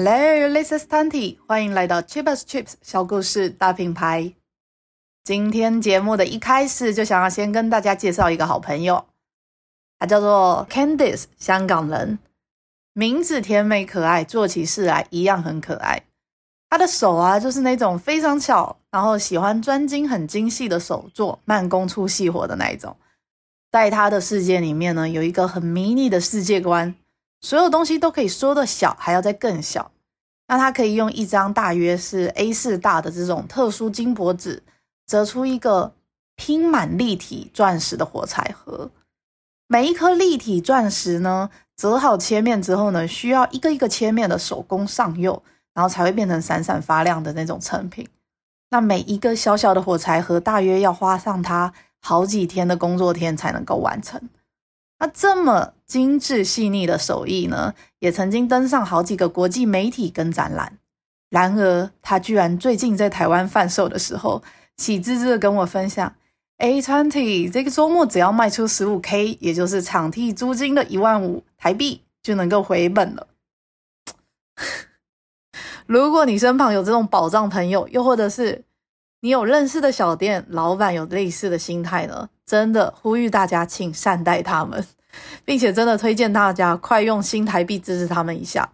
Hello, this is Tanti 歡迎來到 Cheap as Chips 小故事大品牌。今天節目的一開始就想要先跟大家介紹一個好朋友，他叫做 Candice，香港人，名字甜美可愛，做起事來一樣很可愛。他的手啊，就是那種非常巧，然後喜歡專精、很精細的手作、慢工出細活的那一種。在他的世界裡面呢，有一個很迷你的世界觀。所有東西都可以縮的小，還要再更小。那他可以用一張大約是 A4 大的這種特殊金箔紙，折出一個拼滿立體鑽石的火柴盒。每一顆立體鑽石呢，折好切面之後呢，需要一個一個切面的手工上釉，然後才會變成閃閃發亮的那種成品。那每一個小小的火柴盒，大約要花上它好幾天的工作天才能夠完成。那這麼精緻細膩的手藝呢，也曾經登上好幾個國際媒體跟展覽。然而，他居然最近在台灣販售的時候，喜滋滋的跟我分享：“A20 這個周末只要賣出十五 K，也就是場地租金的一萬五台幣，就能夠回本了。 ”如果你身旁有這種寶藏朋友，又或者是……你有認識的小店老闆有類似的心態呢？真的呼籲大家，請善待他們，並且真的推薦大家快用新台幣支持他們一下，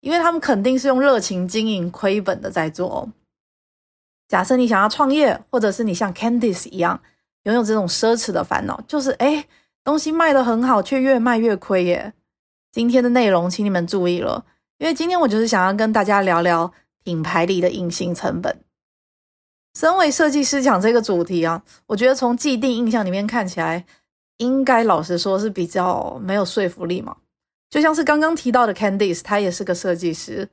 因為他們肯定是用熱情經營、虧本的在做哦。假設你想要創業，或者是你像 Candice 一樣擁有這種奢侈的煩惱，就是哎，東西賣得很好，卻越賣越虧耶。今天的內容，請你們注意了，因為今天我就是想要跟大家聊聊品牌裡的隱形成本。身為設計師講這個主題啊，我覺得從既定印象裡面看起來，應該老實說是比較沒有說服力嘛。就像是剛剛提到的 Candice，他也是個設計師。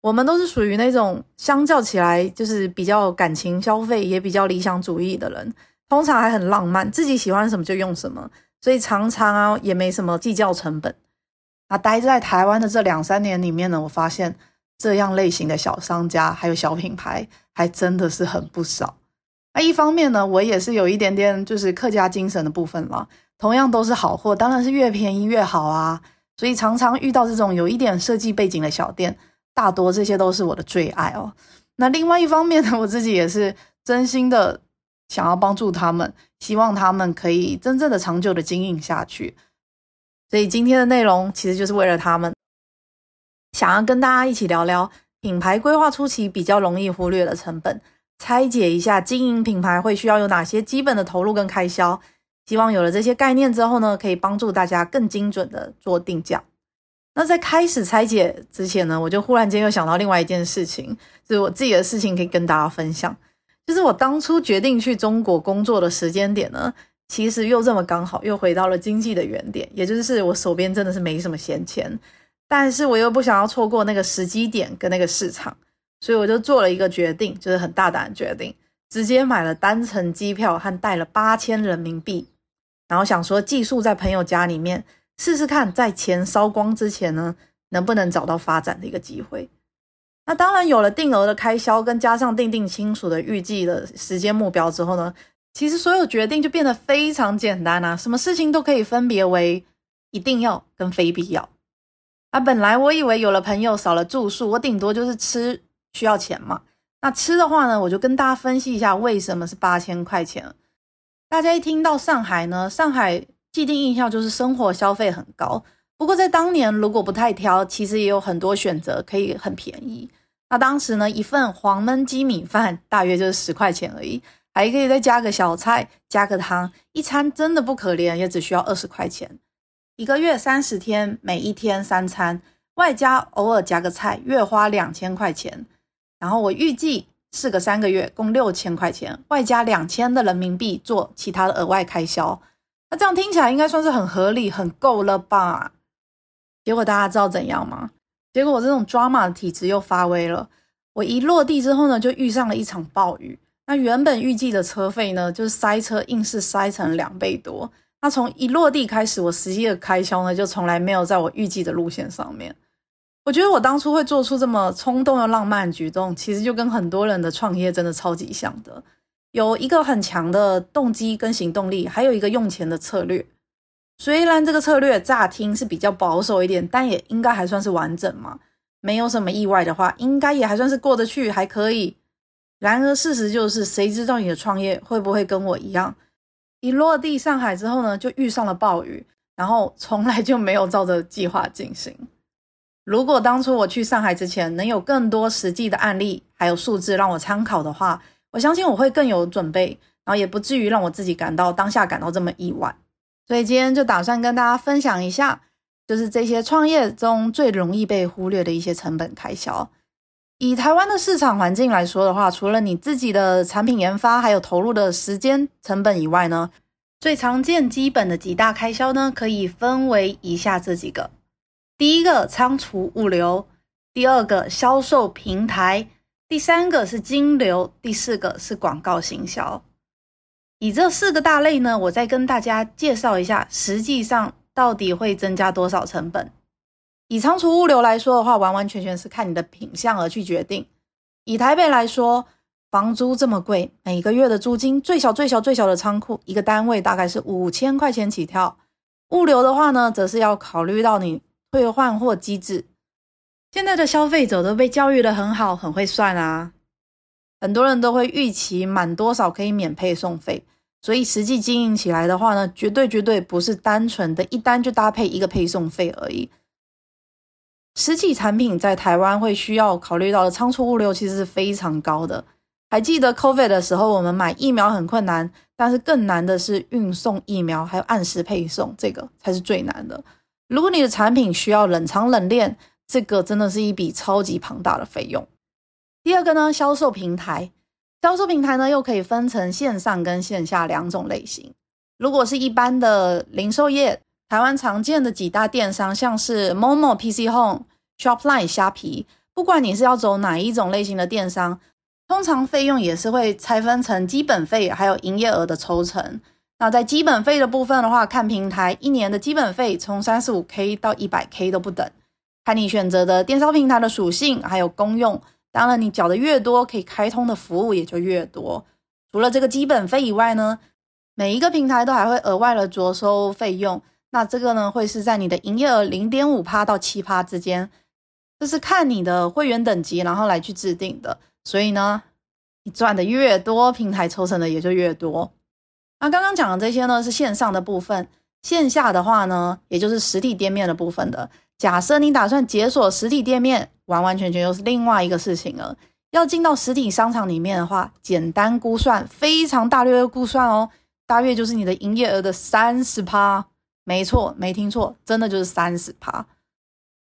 我們都是屬於那種相較起來就是比較感情消費，也比較理想主義的人，通常還很浪漫，自己喜歡什麼就用什麼，所以常常啊也沒什麼計較成本。啊、呃，待在台灣的這兩三年裡面呢，我發現這樣類型的小商家還有小品牌。還真的是很不少。那一方面呢，我也是有一點點就是客家精神的部分了。同樣都是好貨，當然是越便宜越好啊。所以常常遇到這種有一點設計背景的小店，大多這些都是我的最愛哦。那另外一方面呢，我自己也是真心的想要幫助他們，希望他們可以真正的長久的經營下去。所以今天的內容其實就是為了他們，想要跟大家一起聊聊。品牌規劃初期比較容易忽略的成本，拆解一下經營品牌會需要有哪些基本的投入跟開銷。希望有了這些概念之後呢，可以幫助大家更精準的做定價。那在開始拆解之前呢，我就忽然間又想到另外一件事情，就是我自己的事情可以跟大家分享，就是我當初決定去中國工作的時間點呢，其實又這麼剛好，又回到了經濟的原點，也就是我手邊真的是沒什麼閒錢。但是我又不想要錯過那個時機點跟那個市場，所以我就做了一個決定，就是很大膽的決定，直接買了單程機票和帶了八千人民幣，然後想說寄宿在朋友家裡面試試看，在錢燒光之前呢，能不能找到發展的一個機會。那當然有了定額的開銷，跟加上訂定清楚的預計的時間目標之後呢，其實所有決定就變得非常簡單啊，什麼事情都可以分別為一定要跟非必要。啊，本來我以為有了朋友少了住宿，我頂多就是吃需要錢嘛。那吃的話呢，我就跟大家分析一下為什麼是八千塊錢。大家一聽到上海呢，上海既定印象就是生活消費很高。不過在當年如果不太挑，其實也有很多選擇可以很便宜。那當時呢，一份黃燜雞米飯大約就是十塊錢而已，還可以再加個小菜，加個湯，一餐真的不可憐，也只需要二十塊錢。一個月三十天，每一天三餐，外加偶爾加個菜，月花兩千塊錢。然後我預計四個三個月，共六千塊錢，外加兩千的人民幣做其他的額外開銷。那這樣聽起來應該算是很合理，很夠了吧？結果大家知道怎樣嗎？結果我這種抓馬的體質又發威了。我一落地之後呢，就遇上了一場暴雨。那原本預計的車費呢，就是塞車，硬是塞成兩倍多。那從一落地開始，我實際的開銷呢，就從來沒有在我預計的路線上面。我覺得我當初會做出這麼衝動又浪漫舉動，其實就跟很多人的創業真的超級像的，有一個很強的動機跟行動力，還有一個用錢的策略。雖然這個策略乍聽是比較保守一點，但也應該還算是完整嘛，沒有什麼意外的話，應該也還算是過得去，還可以。然而事實就是，誰知道你的創業會不會跟我一樣？一落地上海之後呢，就遇上了暴雨，然後從來就沒有照着計劃進行。如果當初我去上海之前能有更多實際的案例還有數字讓我參考的話，我相信我會更有準備，然後也不至於讓我自己感到當下感到這麼意外。所以今天就打算跟大家分享一下，就是這些創業中最容易被忽略的一些成本開銷。以台灣的市場環境來說的話，除了你自己的產品研發還有投入的時間成本以外呢，最常見基本的幾大開銷呢，可以分為以下這幾個：第一個倉儲物流，第二個銷售平台，第三個是金流，第四個是廣告行銷。以這四個大類呢，我再跟大家介紹一下，實際上到底會增加多少成本。以倉儲物流來說的話，完完全全是看你的品項，而去決定。以台北來說，房租這麼貴，每個月的租金最小最小最小的倉庫一個單位大概是五千塊錢起跳。物流的話呢，則是要考慮到你退換貨機制。現在的消費者都被教育得很好，很會算啊，很多人都會預期滿多少可以免配送費，所以實際經營起來的話呢，絕對絕對不是單純的一單就搭配一個配送費而已。實際產品在台灣會需要考慮到的倉儲物流其實是非常高的。還記得 COVID 的時候，我們買疫苗很困難，但是更難的是運送疫苗，還有按時配送，這個才是最難的。如果你的產品需要冷藏冷鏈，這個真的是一筆超級龐大的費用。第二個呢，銷售平台，銷售平台呢又可以分成線上跟線下兩種類型。如果是一般的零售業。台灣常見的幾大電商，像是 Momo、PC Home、Shopline、蝦皮，不管你是要走哪一種類型的電商，通常費用也是會拆分成基本費，還有營業額的抽成。那在基本費的部分的話，看平台一年的基本費從三十五 K 到一百 K 都不等，看你選擇的電商平台的屬性還有功用。當然，你繳得越多，可以開通的服務也就越多。除了這個基本費以外呢，每一個平台都還會額外的酌收費用。那這個呢，會是在你的營業額零點五趴到七趴之間，這是看你的會員等級，然後來去制定的。所以呢，你賺得越多，平台抽成的也就越多。那剛剛講的這些呢，是線上的部分，線下的話呢，也就是實體店面的部分的。假設你打算解鎖實體店面，完完全全又是另外一個事情了。要進到實體商場裡面的話，簡單估算，非常大略的估算哦，大約就是你的營業額的三十趴。沒錯，沒聽錯，真的就是三十趴。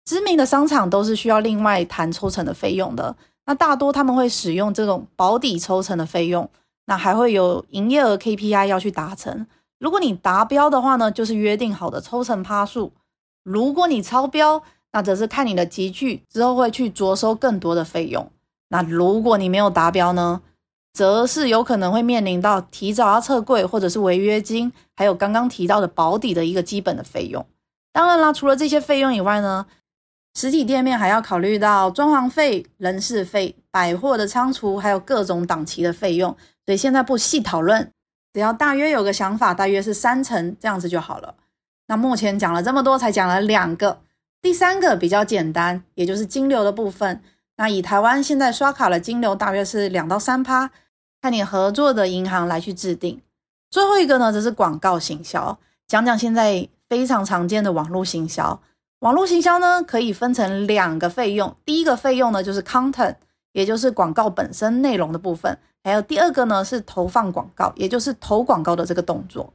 知名的商場都是需要另外談抽成的費用的。那大多他們會使用這種保底抽成的費用，那還會有營業額 KPI 要去達成。如果你達標的話呢，就是約定好的抽成趴數；如果你超標，那則是看你的集聚之後會去酌收更多的費用。那如果你沒有達標呢？則是有可能會面臨到提早要撤櫃，或者是違約金，還有剛剛提到的保底的一個基本的費用。當然啦，除了這些費用以外呢，實體店面還要考慮到裝潢費、人事費、百貨的倉儲，還有各種檔期的費用。所以現在不細討論，只要大約有個想法，大約是三成這樣子就好了。那目前講了這麼多，才講了兩個，第三個比較簡單，也就是金流的部分。那以台灣現在刷卡的金流大約是兩到三趴，看你合作的銀行來去制定。最後一個呢，就是廣告行銷，講講現在非常常見的網路行銷。網路行銷呢，可以分成兩個費用，第一個費用呢就是 content，也就是廣告本身內容的部分，還有第二個呢是投放廣告，也就是投廣告的這個動作。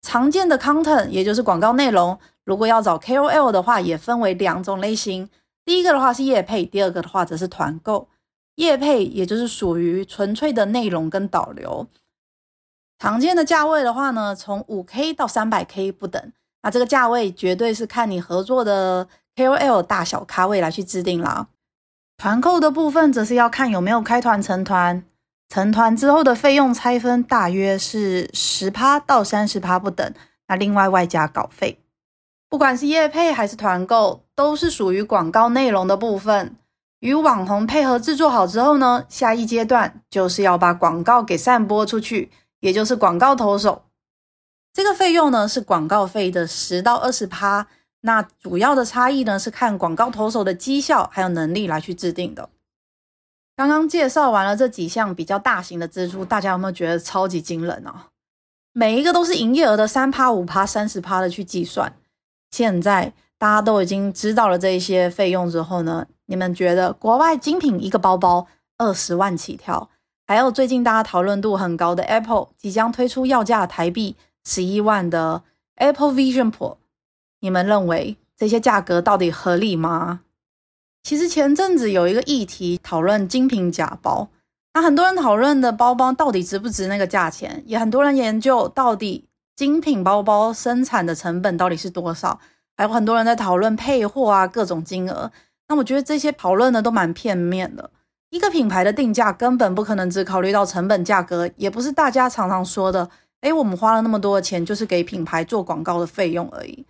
常見的 content，也就是廣告內容，如果要找 KOL 的話，也分為兩種類型。第一個的話是業配，第二個的話則是團購。業配也就是屬於純粹的內容跟導流，常見的價位的話呢，從五 k 到三百 k 不等。那這個價位絕對是看你合作的 KOL 大小咖位來去制定啦。團購的部分則是要看有沒有開團成團，成團之後的費用拆分大約是十趴到三十趴不等，那另外外加稿費。不管是業配還是團購，都是屬於廣告內容的部分。與網紅配合製作好之後呢，下一階段就是要把廣告給散播出去，也就是廣告投手。這個費用呢是廣告費的十到二十趴。那主要的差異呢是看廣告投手的績效還有能力來去制定的。剛剛介紹完了這幾項比較大型的支出，大家有沒有覺得超級驚人啊？每一個都是營業額的三趴、五趴、三十趴的去計算。現在大家都已經知道了這些費用之後呢，你們覺得國外精品一個包包二十萬起跳，還有最近大家討論度很高的 Apple 即將推出要價台幣十一萬的 Apple Vision Pro，你們認為這些價格到底合理嗎？其實前陣子有一個議題討論精品假包，那很多人討論的包包到底值不值那個價錢，也很多人研究到底。精品包包生產的成本到底是多少？還有很多人在討論配貨啊，各種金額。那我覺得這些討論呢都蠻片面的。一個品牌的定價根本不可能只考慮到成本價格，也不是大家常常說的“哎，我們花了那麼多的錢就是給品牌做廣告的費用而已”。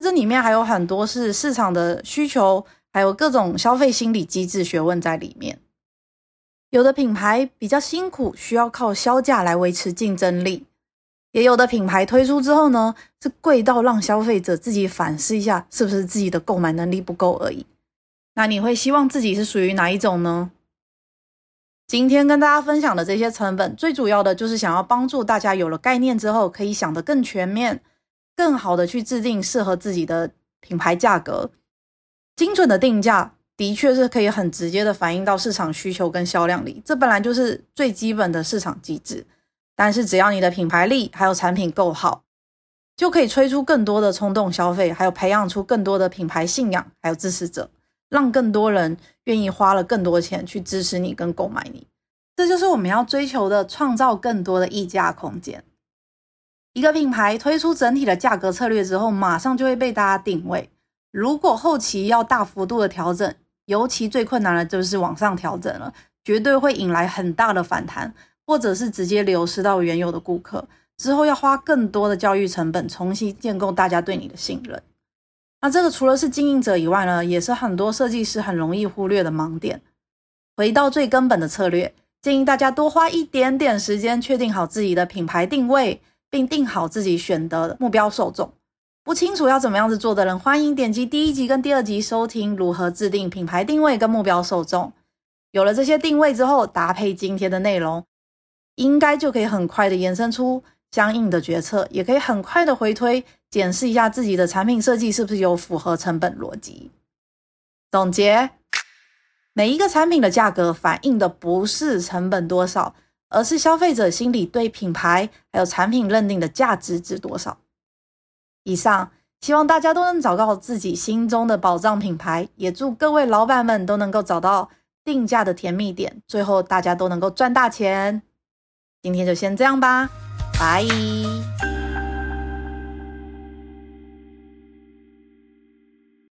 這裡面還有很多是市場的需求，還有各種消費心理機制學問在裡面。有的品牌比較辛苦，需要靠削價來維持競爭力。也有的品牌推出之後呢，是貴到讓消費者自己反思一下，是不是自己的購買能力不夠而已。那你會希望自己是屬於哪一種呢？今天跟大家分享的這些成本，最主要的就是想要幫助大家有了概念之後，可以想得更全面，更好的去制定適合自己的品牌價格。精準的定價的確是可以很直接的反映到市場需求跟銷量裡，這本來就是最基本的市場機制。但是，只要你的品牌力還有產品夠好，就可以吹出更多的衝動消費，還有培養出更多的品牌信仰，還有支持者，讓更多人願意花了更多錢去支持你跟購買你。這就是我們要追求的，創造更多的溢價空間。一個品牌推出整體的價格策略之後，馬上就會被大家定位。如果後期要大幅度的調整，尤其最困難的就是往上調整了，絕對會引來很大的反彈。或者是直接流失到原有的顧客之後，要花更多的教育成本重新建構大家對你的信任。那這個除了是經營者以外呢，也是很多設計師很容易忽略的盲點。回到最根本的策略，建議大家多花一點點時間，確定好自己的品牌定位，並定好自己選擇的目標受眾。不清楚要怎麼樣子做的人，歡迎點擊第一集跟第二集收聽如何制定品牌定位跟目標受眾。有了這些定位之後，搭配今天的內容。應該就可以很快的延伸出相應的決策，也可以很快的回推檢視一下自己的產品設計是不是有符合成本邏輯。總結，每一個產品的價格反映的不是成本多少，而是消費者心裡對品牌還有產品認定的價值值多少。以上，希望大家都能找到自己心中的寶藏品牌，也祝各位老闆們都能夠找到定價的甜蜜點，最後大家都能夠賺大錢。今天就先這樣吧，拜。